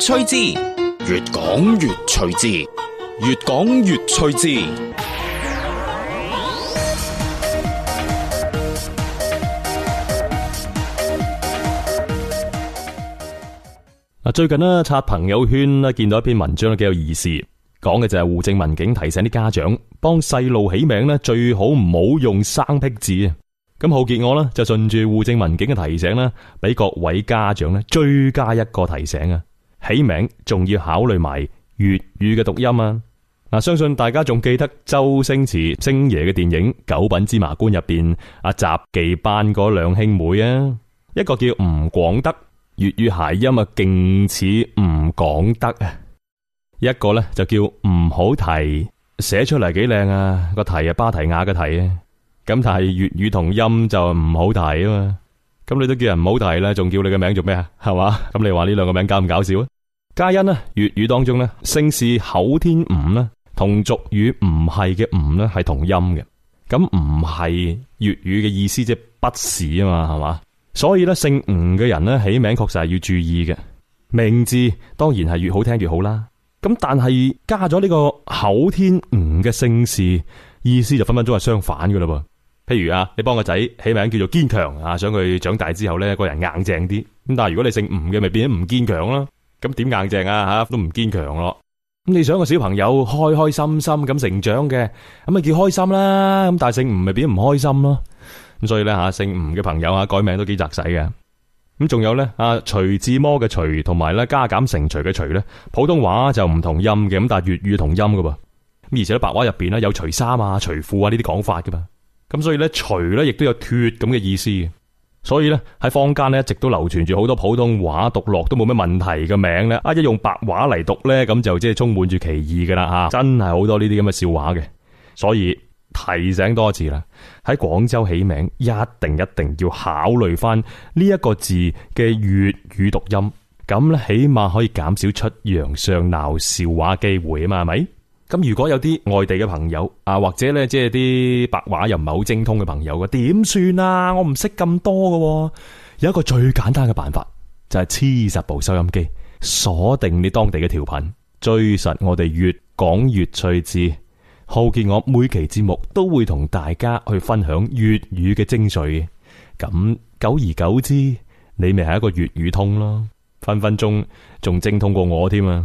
趣之，越講越趣之。越講越趣字。嗱，最近呢，刷朋友圈呢，見到一篇文章呢，幾有意思，講嘅就係戶政民警提醒啲家長，幫細路起名呢，最好唔好用生僻字啊。咁浩杰我呢，就順住戶政民警嘅提醒呢，俾各位家長呢追加一個提醒啊。起名仲要考慮埋粵語嘅讀音啊！嗱、啊，相信大家仲記得周星馳星爺嘅電影《九品芝麻官》入邊阿雜技班嗰兩兄妹啊，一個叫吳廣德，粵語諧音啊，勁似吳廣德啊。一個呢就叫唔好提，寫出嚟幾靚啊個提啊芭提雅嘅提啊，咁、啊、但係粵語同音就唔好提啊嘛。咁你都叫人唔好提啦，仲叫你個名做咩啊？係嘛？咁你話呢兩個名搞唔搞笑啊？皆因呢，粵語當中呢，姓氏口天吳呢，同俗語唔係嘅吳呢係同音嘅。咁唔係粵語嘅意思，即係不是啊嘛，係嘛？所以呢，姓吳嘅人呢，起名確實係要注意嘅。名字當然係越好聽越好啦。咁但係加咗呢個口天吳嘅姓氏，意思就分分鐘係相反噶啦噃。譬如啊，你幫個仔起名叫做堅強啊，想佢長大之後呢個人硬淨啲咁。但係如果你姓吳嘅，咪變咗唔堅強啦。咁點硬淨啊吓，都唔堅強咯。咁你想個小朋友開開心心咁成長嘅，咁咪叫開心啦。咁但係姓吳咪變唔開心咯。咁所以咧吓，姓吳嘅朋友啊，改名都幾窄使嘅。咁仲有咧啊，徐志摩嘅徐同埋咧加減乘除嘅除咧，普通話就唔同音嘅，咁但係粵語同音噶噃。咁而且白話入邊咧有除衫啊、除褲啊呢啲講法噶噃。咁所以咧除咧亦都有脱咁嘅意思。所以咧喺坊間咧一直都流傳住好多普通話讀落都冇咩問題嘅名咧，啊一用白話嚟讀咧，咁就即係充滿住歧義噶啦吓,真係好多呢啲咁嘅笑話嘅。所以提醒多一次啦，喺廣州起名一定一定要考慮翻呢一個字嘅粵語讀音，咁起碼可以減少出洋相鬧笑話機會啊嘛，係咪？咁如果有啲外地嘅朋友啊，或者呢即係啲白話又唔係好精通嘅朋友嘅，點算啊？我唔識咁多嘅。哦，有一個最簡單嘅辦法，就係黐十部收音機，鎖定你當地嘅調頻，追實我哋越講越趣致。浩健，我每期節目都會同大家去分享粵語嘅精髓，咁久而久之，你咪係一個粵語通咯，分分鐘仲精通過我添啊！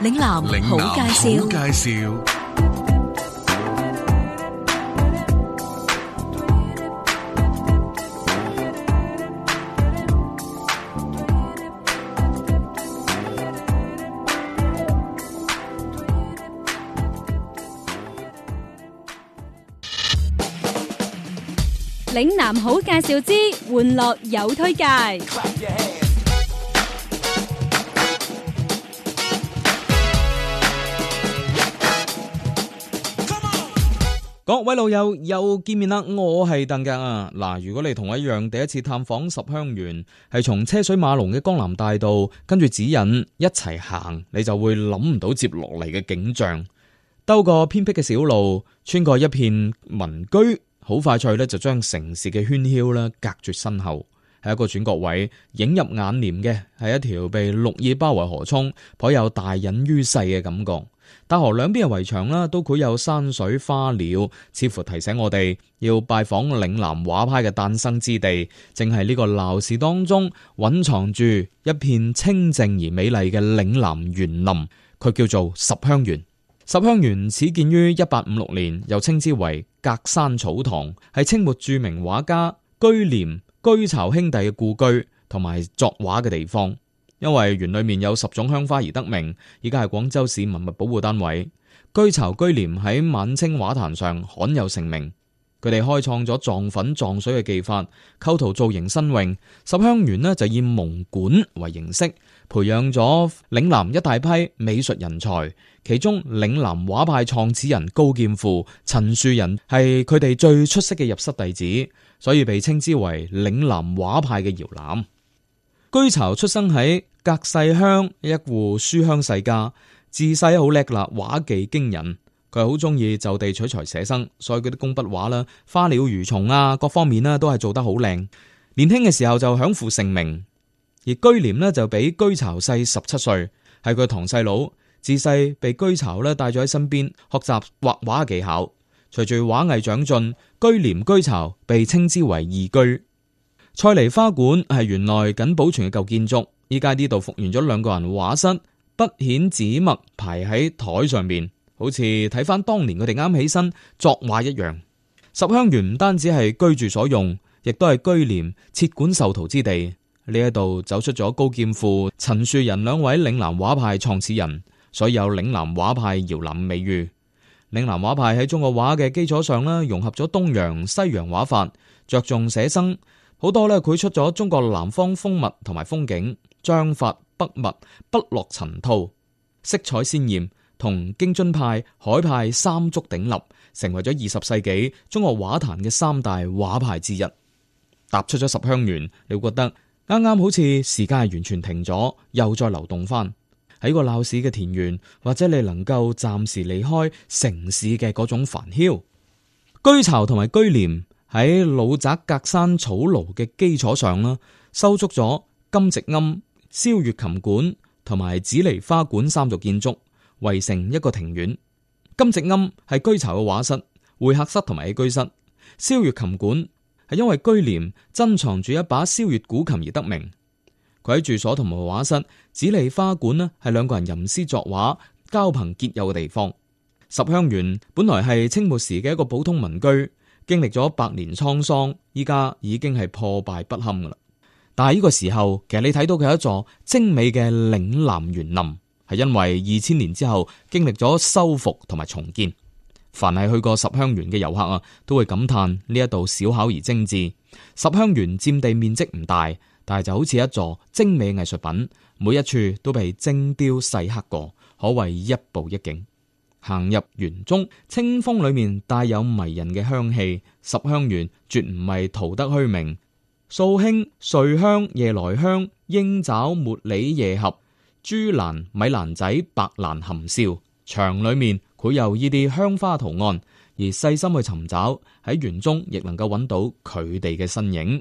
嶺南好介紹，嶺南好介紹。嶺南好介紹之玩樂有推介。各位老友又見面啦，我係鄧嘅啊嗱，如果你同我一樣，第一次探訪十香園，係從車水馬龍嘅江南大道跟住指引一齊行，你就會諗唔到接落嚟嘅景象。兜個偏僻嘅小路，穿過一片民居，好快脆咧就將城市嘅喧囂啦隔絕身後，係一個轉角位，映入眼簾嘅係一條被綠意包圍河涌，頗有大隱於世嘅感覺。大河兩邊嘅圍牆啦，都繪有山水花鳥，似乎提醒我哋要拜訪嶺南畫派嘅誕生之地。正係呢個鬧市當中，蘊藏住一片清靜而美麗嘅嶺南園林，佢叫做十香園。十香園始建於一八五六年，又稱之為隔山草堂，係清末著名畫家居廉、居巢兄弟嘅故居同埋作畫嘅地方。因為園裏面有十種香花而得名，依家係廣州市文物保護單位。居巢居廉喺晚清畫壇上享有盛名，佢哋開創咗撞粉撞水嘅技法，構圖造型新穎。十香園呢就以蒙館為形式，培養咗嶺南一大批美術人才，其中嶺南畫派創始人高劍父、陳樹人係佢哋最出色嘅入室弟子，所以被稱之為嶺南畫派嘅搖籃。居巢出生喺隔山鄉一戶書香世家，自細好叻啦，畫技驚人。佢好中意就地取材寫生，所以佢啲工筆畫啦、花鳥魚蟲啊，各方面啦都係做得好靚。年輕嘅時候就享負盛名，而居廉呢，就比居巢細十七歲，係佢堂細佬。自細被居巢咧帶咗喺身邊學習畫畫技巧，隨住畫藝長進，居廉居巢被稱之為二居。菜梨花館係園內僅保存嘅舊建築，依家呢度復原咗兩個人畫室，筆顯紙墨排喺台上面，好似睇翻當年佢哋啱起身作畫一樣。十香園唔單止係居住所用，亦都係居廉設館授徒之地。呢一度走出咗高劍父、陳樹人兩位嶺南畫派創始人，所以有嶺南畫派搖籃美譽。嶺南畫派喺中國畫嘅基礎上呢，融合咗東洋、西洋畫法，着重寫生。好多咧，繪出咗中國南方風物同埋風景，章法筆墨不落塵套，色彩鮮豔，同京津派、海派三足鼎立，成為咗二十世紀中國畫壇嘅三大畫派之一。踏出咗十香園，你會覺得啱啱好似時間係完全停咗，又再流動翻喺個鬧市嘅田園，或者你能夠暫時離開城市嘅嗰種煩囂，居巢同埋居廉喺老宅隔山草廬嘅基礎上啦，修築咗今夕庵、嘯月琴館同埋紫梨花館三座建築，圍成一個庭院。今夕庵係居巢嘅畫室、會客室同埋起居室。嘯月琴館係因為居廉珍藏住一把嘯月古琴而得名。佢喺住所同埋畫室、紫梨花館咧係兩個人吟詩作畫、交朋結友嘅地方。十香園本來係清末時嘅一個普通民居。經歷咗百年滄桑，依家已經係破敗不堪噶啦。但係呢個時候，其實你睇到嘅一座精美嘅嶺南園林，係因為二千年之後經歷咗修復同埋重建。凡係去過十香園嘅遊客啊，都會感嘆呢一度小巧而精致。十香園佔地面積唔大，但係就好似一座精美藝術品，每一處都被精雕細刻過，可謂一步一景。行入園中，清風裏面帶有迷人嘅香氣。十香園絕唔係徒得虛名。素馨、瑞香、夜來香、鷹爪、茉莉、夜合、珠蘭、米蘭仔、白蘭含笑，牆裏面佢有呢啲香花圖案，而細心去尋找喺園中亦能夠揾到佢哋嘅身影。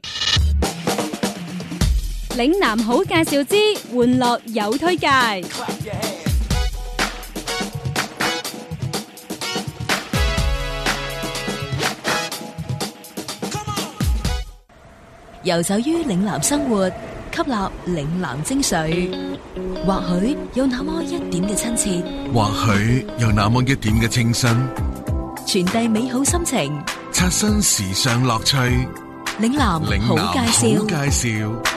嶺南好介紹之，玩樂有推介。遊走於嶺南生活，吸納嶺南精髓，或許有那麼一點嘅親切，或許有那麼一點嘅清新，傳遞美好心情，刷新時尚樂趣。嶺南好介紹，嶺南好介紹。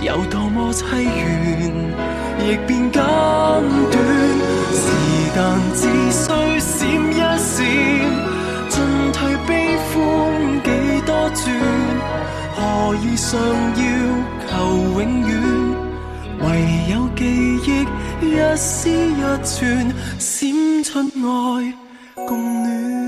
有多麼淒怨，亦變更短。時間只需閃一閃，進退悲歡幾多轉，何以尚要求永遠，唯有記憶一絲一寸，閃出愛共暖。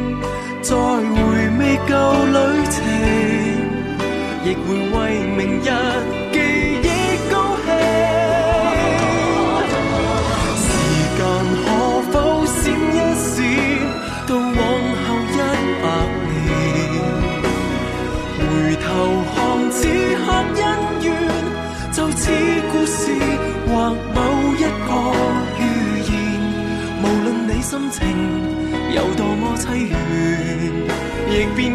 再回味舊旅程，亦會為明日。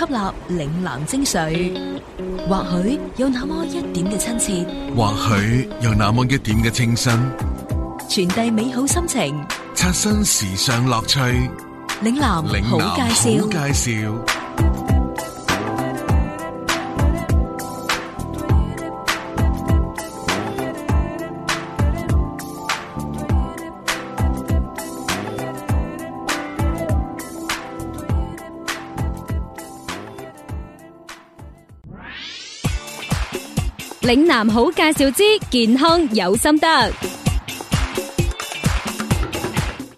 吸納嶺南精髓，或許有那麼一點嘅親切，或許有那麼一點嘅清新，傳遞美好心情，刷新時尚樂趣。嶺南，好介紹，好介紹。嶺南好介紹之健康有心得，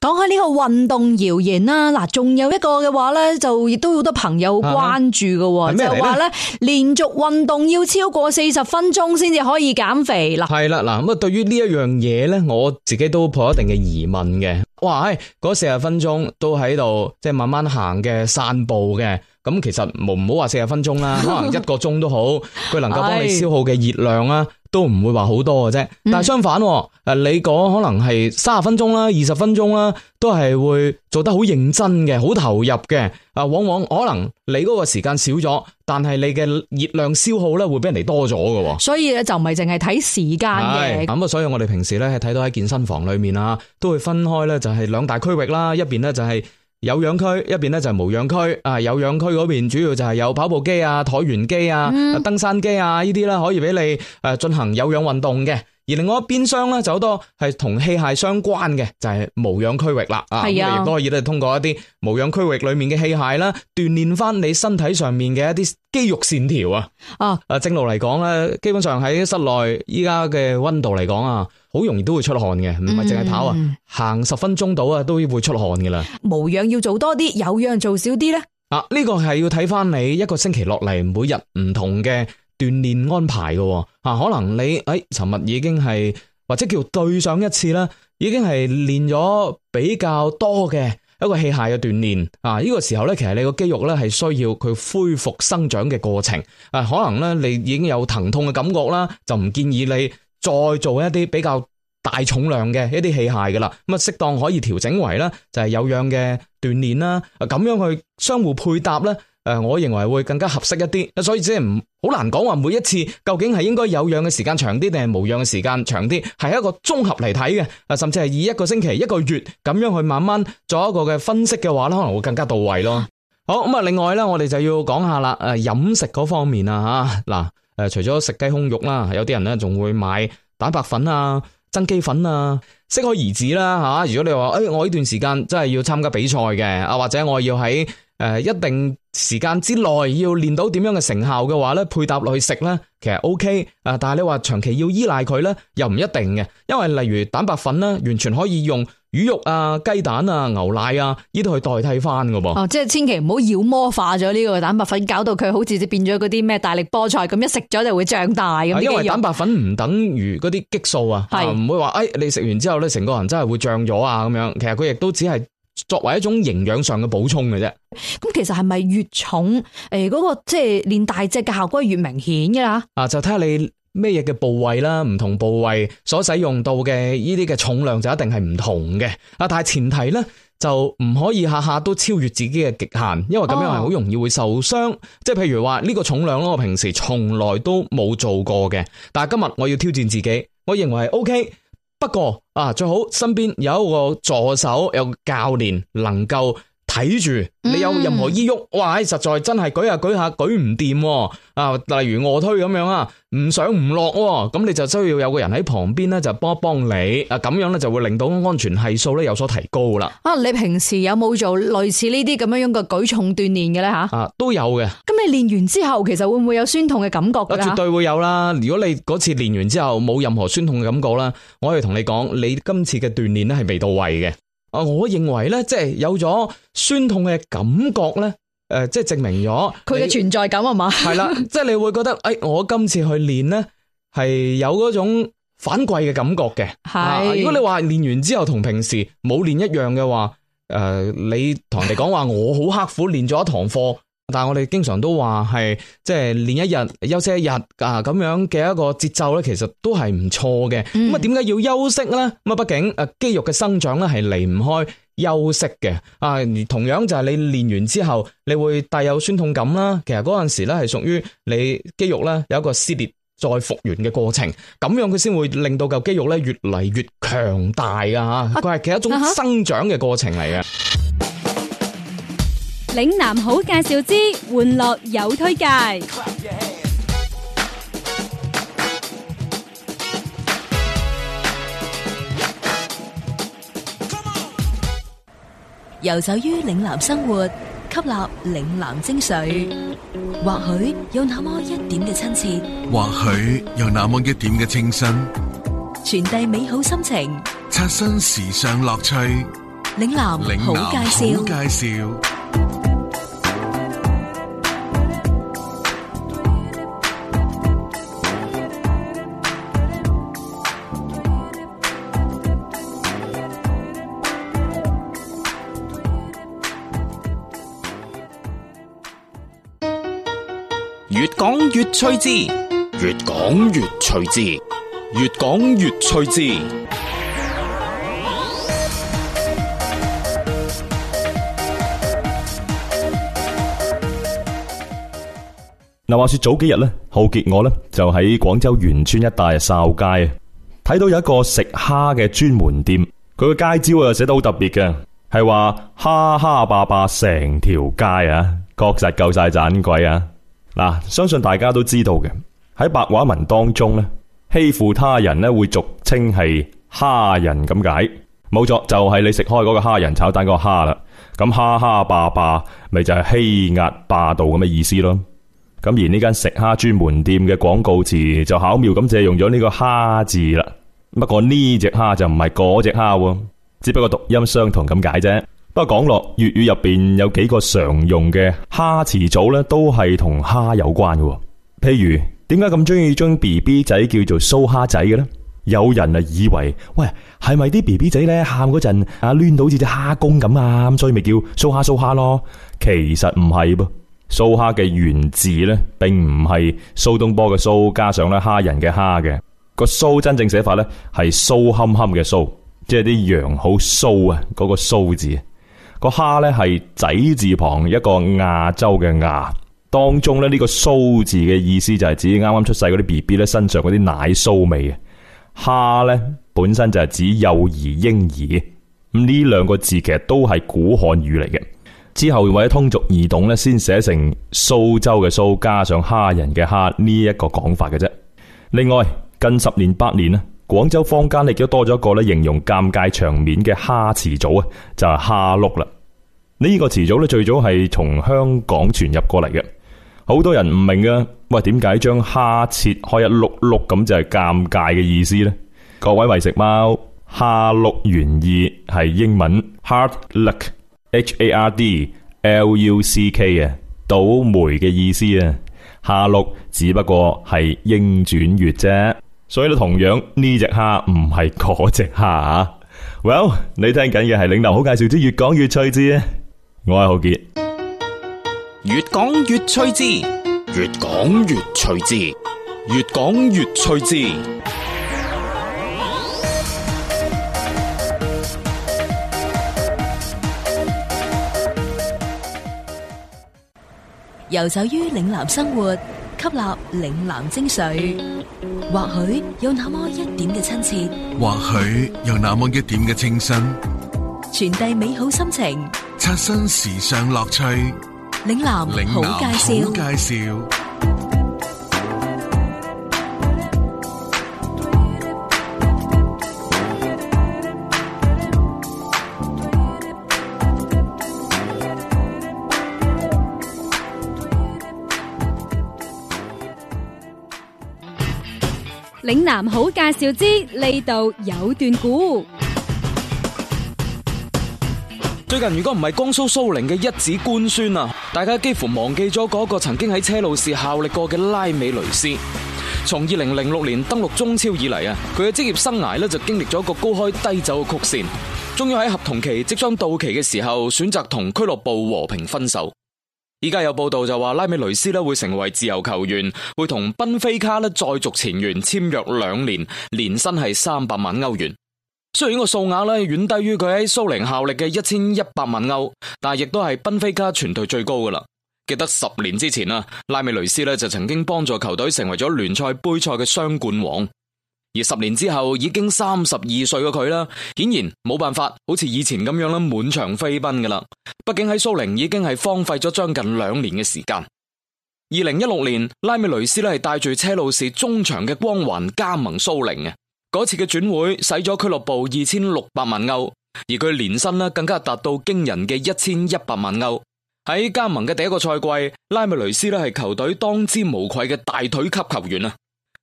講開呢個運動謠言啦。嗱，仲有一個嘅話咧，就亦都好多朋友關注嘅，啊、就話咧連續運動要超過四十分鐘先至可以減肥啦。係啦，嗱咁啊，對於呢一樣嘢咧，我自己都抱一定嘅疑問嘅。哇，唉，嗰四十分鐘都喺度即係慢慢行嘅散步嘅。咁其實冇唔好話四十分鐘啦， 可能一個鐘都好，佢能夠幫你消耗嘅熱量啦，都唔會話好多嘅啫。但係相反，誒、嗯、你講可能係三十分鐘啦，二十分鐘啦，都係會做得好認真嘅，好投入嘅。啊，往往可能你嗰個時間少咗，但係你嘅熱量消耗咧會比人哋多咗嘅。所以咧就唔係淨係睇時間嘅。咁啊，所以我哋平時咧係睇到喺健身房裏面啊，都會分開咧就係兩大區域啦，一邊咧就係、是。有氧區，一邊咧就係無氧區啊，有氧區嗰邊主要就係有跑步機啊、橢圓機啊、嗯、登山機啊呢啲啦，可以俾你誒進行有氧運動嘅。而另外一邊廂咧就好多係同器械相關嘅，就係、是、無氧區域啦。嗯、啊，我哋亦都可以咧通過一啲無氧區域裏面嘅器械啦，鍛煉翻你身體上面嘅一啲肌肉線條啊。啊，誒、啊、正路嚟講咧，基本上喺室內依家嘅溫度嚟講啊。好容易都會出汗嘅，唔係淨係跑啊，行、嗯、十分鐘到啊，都會出汗嘅啦。無氧要做多啲，有氧做少啲咧。啊，呢個係要睇翻，你一個星期落嚟，每日唔同嘅鍛煉安排嘅。啊，可能你誒，尋、哎、日已經係或者叫對上一次啦，已經係練咗比較多嘅一個器械嘅鍛煉。啊，呢、這個時候咧，其實你個肌肉咧係需要佢恢復生長嘅過程。啊，可能咧你已經有疼痛嘅感覺啦，就唔建議你，再做一啲比較大重量嘅一啲器械噶啦，咁啊適當可以調整為啦，就係有氧嘅鍛煉啦，咁樣去相互配搭咧，誒我認為會更加合適一啲。所以即係唔好難講話每一次究竟係應該有氧嘅時間長啲定係無氧嘅時間長啲，係一個綜合嚟睇嘅，啊甚至係以一個星期一個月咁樣去慢慢做一個嘅分析嘅話咧，可能會更加到位咯。好，咁啊，另外咧，我哋就要講下啦，誒飲食嗰方面啊吓嗱。誒，除咗食雞胸肉啦，有啲人咧，仲會買蛋白粉啊、增肌粉啊，適可而止啦，吓！如果你話，誒，我呢段時間真係要參加比賽嘅，啊，或者我要喺。誒，一定時間之內要練到點樣嘅成效嘅話咧，配搭落去食咧，其實 O K。啊，但係你話長期要依賴佢咧，又唔一定嘅。因為例如蛋白粉咧，完全可以用魚肉啊、雞蛋啊、牛奶啊呢啲去代替翻噶噃。哦，即係千祈唔好妖魔化咗呢個蛋白粉，搞到佢好似變咗嗰啲咩大力菠菜咁，一食咗就會脹大咁。因為蛋白粉唔等於嗰啲激素啊，係、呃、唔會話誒、哎，你食完之後咧，成個人真係會脹咗啊咁樣。其實佢亦都只係。作為一種營養上嘅補充嘅啫，咁其實係咪越重誒嗰、嗰個即係練大隻嘅效果越明顯嘅吓？啊，就睇下你咩嘢嘅部位啦，唔同部位所使用到嘅呢啲嘅重量就一定係唔同嘅。啊，但係前提咧就唔可以下下都超越自己嘅極限，因為咁樣係好容易會受傷。即係、哦、譬如話呢個重量咯，我平時從來都冇做過嘅，但係今日我要挑戰自己，我認為 O K。不過啊，最好身邊有一個助手，有個教練能夠。睇住你有任何依喐，哇！實在真係舉下舉下舉唔掂啊！例如臥推咁樣啊，唔上唔落咁，你就需要有個人喺旁邊咧，就幫一幫你啊！咁樣咧就會令到安全係數咧有所提高啦。啊，你平時有冇做類似呢啲咁樣樣嘅舉重鍛煉嘅咧？吓啊，都有嘅。咁你練完之後，其實會唔會有酸痛嘅感覺噶？絕對會有啦！如果你嗰次練完之後冇任何酸痛嘅感覺啦，我可以同你講，你今次嘅鍛煉咧係未到位嘅。啊，我認為咧，即係有咗酸痛嘅感覺咧，誒、呃，即係證明咗佢嘅存在感啊嘛。係 啦，即係你會覺得，誒、哎，我今次去練咧，係有嗰種反饋嘅感覺嘅。係、啊，如果你話練完之後同平時冇練一樣嘅話，誒、呃，你同人哋講話，我好刻苦練咗一堂課。但係我哋經常都話係即係練一日休息一日啊，咁樣嘅一個節奏咧，其實都係唔錯嘅。咁啊，點解要休息咧？咁啊，畢竟誒肌肉嘅生長咧係離唔開休息嘅。啊，同樣就係你練完之後，你會帶有酸痛感啦。其實嗰陣時咧係屬於你肌肉咧有一個撕裂再復原嘅過程，咁樣佢先會令到嚿肌肉咧越嚟越強大噶吓。佢係其實一種生長嘅過程嚟嘅。嶺南好介紹之，玩樂有推介。游走於嶺南生活，吸納嶺南精髓，或許有那麽一點嘅親切，或許有那麽一點嘅清新，傳遞美好心情，刷新時尚樂趣。嶺南，嶺南好介紹。越講越趣致，越講越趣致，越講越趣致。嗱，話說早幾日呢，浩杰我呢，就喺廣州員村一帶掃街啊，睇到有一個食蝦嘅專門店，佢個街招啊寫得好特別嘅，係話蝦蝦霸霸成條街啊，確實夠晒盞鬼啊！嗱，相信大家都知道嘅，喺白話文當中呢，欺負他人呢會俗稱係蝦人咁解，冇錯，就係你食開嗰個蝦仁炒蛋個蝦啦。咁蝦蝦霸霸，咪就係欺壓霸道咁嘅意思咯。咁而呢間食蝦專門店嘅廣告詞就巧妙咁借用咗呢個蝦字啦。不過呢隻蝦就唔係嗰隻蝦，只不過讀音相同咁解啫。不過講落粵語入邊有幾個常用嘅蝦詞組咧，都係同蝦有關嘅。譬如點解咁中意將 B B 仔叫做蘇蝦仔嘅咧？有人啊以為喂係咪啲 B B 仔咧喊嗰陣啊攣到好似隻蝦公咁啊，所以咪叫蘇蝦蘇蝦咯？其實唔係噃，蘇蝦嘅原字咧並唔係蘇東坡嘅蘇加上咧蝦人嘅蝦嘅個蘇真正寫法咧，係臊冚冚嘅臊，即係啲羊好臊啊，嗰、那個臊字。個蝦咧係仔字旁一個亞洲嘅亞，當中咧、這、呢個蘇字嘅意思就係指啱啱出世嗰啲 B B 咧身上嗰啲奶酥味嘅蝦咧，蝦本身就係指幼兒嬰兒。咁呢兩個字其實都係古漢語嚟嘅，之後為咗通俗易懂咧，先寫成蘇州嘅蘇加上蝦人嘅蝦呢一個講法嘅啫。另外近十年八年啊。廣州坊間亦都多咗一個咧形容尷尬場面嘅蝦詞組啊，就係蝦碌啦。呢個詞組咧最早係從香港傳入過嚟嘅。好多人唔明啊，喂，點解將蝦切開一碌碌咁就係尷尬嘅意思呢？各位為食貓，蝦碌原意係英文 hard luck，H-A-R-D-L-U-C-K 嘅，luck, H A R D L U C、K，倒霉嘅意思啊。蝦碌只不過係英轉粵啫。所以同樣呢隻蝦唔係嗰隻蝦啊！Well，你聽緊嘅係嶺南好介紹之越講越趣知咧，我係浩杰，越講越趣知，越講越趣知，越講越趣知，游走於嶺南生活。吸納嶺南精髓，或許有那麼一點嘅親切，或許有那麼一點嘅清新，傳遞美好心情，刷新時尚樂趣。嶺南好介紹，好介紹。嶺南好介紹之，呢度有段古」最近如果唔係江蘇蘇寧嘅一紙官宣啊，大家幾乎忘記咗嗰個曾經喺車路士效力過嘅拉美雷斯。從二零零六年登陸中超以嚟啊，佢嘅職業生涯呢就經歷咗一個高開低走嘅曲線，終於喺合同期即將到期嘅時候，選擇同俱樂部和平分手。依家有報道就話拉米雷斯咧會成為自由球員，會同賓菲卡咧再續前緣，簽約兩年，年薪係三百萬歐元。雖然個數額咧遠低於佢喺蘇寧效力嘅一千一百萬歐，但係亦都係賓菲卡全隊最高噶啦。記得十年之前啊，拉米雷斯咧就曾經幫助球隊成為咗聯賽盃賽嘅雙冠王。而十年之後，已經三十二歲嘅佢啦，顯然冇辦法好似以前咁樣啦，滿場飛奔噶啦。畢竟喺蘇寧已經係荒廢咗將近兩年嘅時間。二零一六年，拉米雷斯咧係帶住車路士中場嘅光環加盟蘇寧嘅。嗰次嘅轉會使咗俱樂部二千六百萬歐，而佢年薪咧更加達到驚人嘅一千一百萬歐。喺加盟嘅第一個賽季，拉米雷斯咧係球隊當之無愧嘅大腿級球員啊！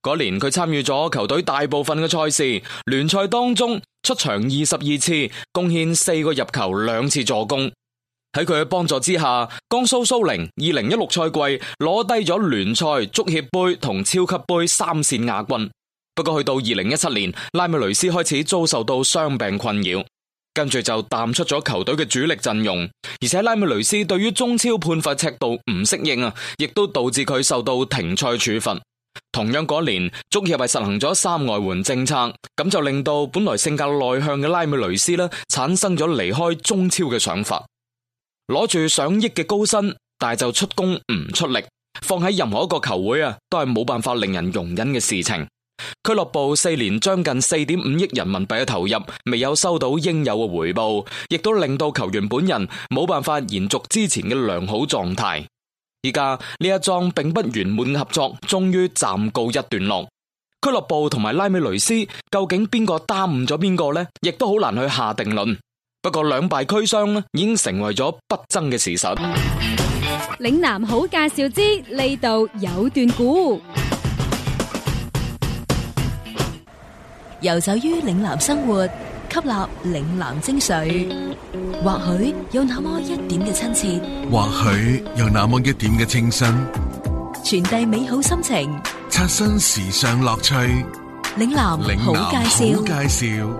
嗰年佢參與咗球隊大部分嘅賽事，聯賽當中出場二十二次，貢獻四個入球、兩次助攻。喺佢嘅幫助之下，江蘇蘇寧二零一六賽季攞低咗聯賽、足協盃同超級盃三線亞軍。不過去到二零一七年，拉米雷斯開始遭受到傷病困擾，跟住就淡出咗球隊嘅主力陣容。而且拉米雷斯對於中超判罰尺度唔適應啊，亦都導致佢受到停賽處分。同樣嗰年，足協係實行咗三外援政策，咁就令到本來性格內向嘅拉米雷斯咧，產生咗離開中超嘅想法。攞住上億嘅高薪，但係就出工唔出力，放喺任何一個球會啊，都係冇辦法令人容忍嘅事情。俱樂部四年將近四點五億人民幣嘅投入，未有收到應有嘅回報，亦都令到球員本人冇辦法延續之前嘅良好狀態。而家呢一樁並不圓滿合作，終於暫告一段落。俱樂部同埋拉美雷斯，究竟邊個耽誤咗邊個呢？亦都好難去下定論。不過兩敗俱傷咧，已經成為咗不爭嘅事實。嶺南好介紹之，呢度有段古，遊走於嶺南生活。吸納嶺南精髓，或許有那麼一點嘅親切，或許有那麼一點嘅清新，傳遞美好心情，刷新時尚樂趣。嶺南好介紹。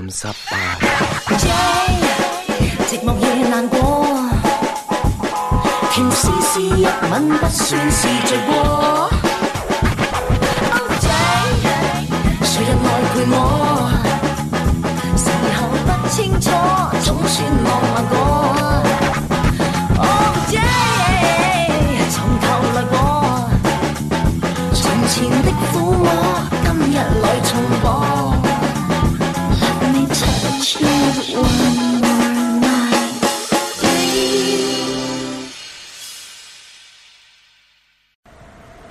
嗯、寂寞夜難過，甜絲絲一吻不算是罪過。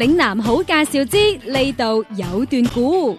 嶺南好介紹之，呢度有段古。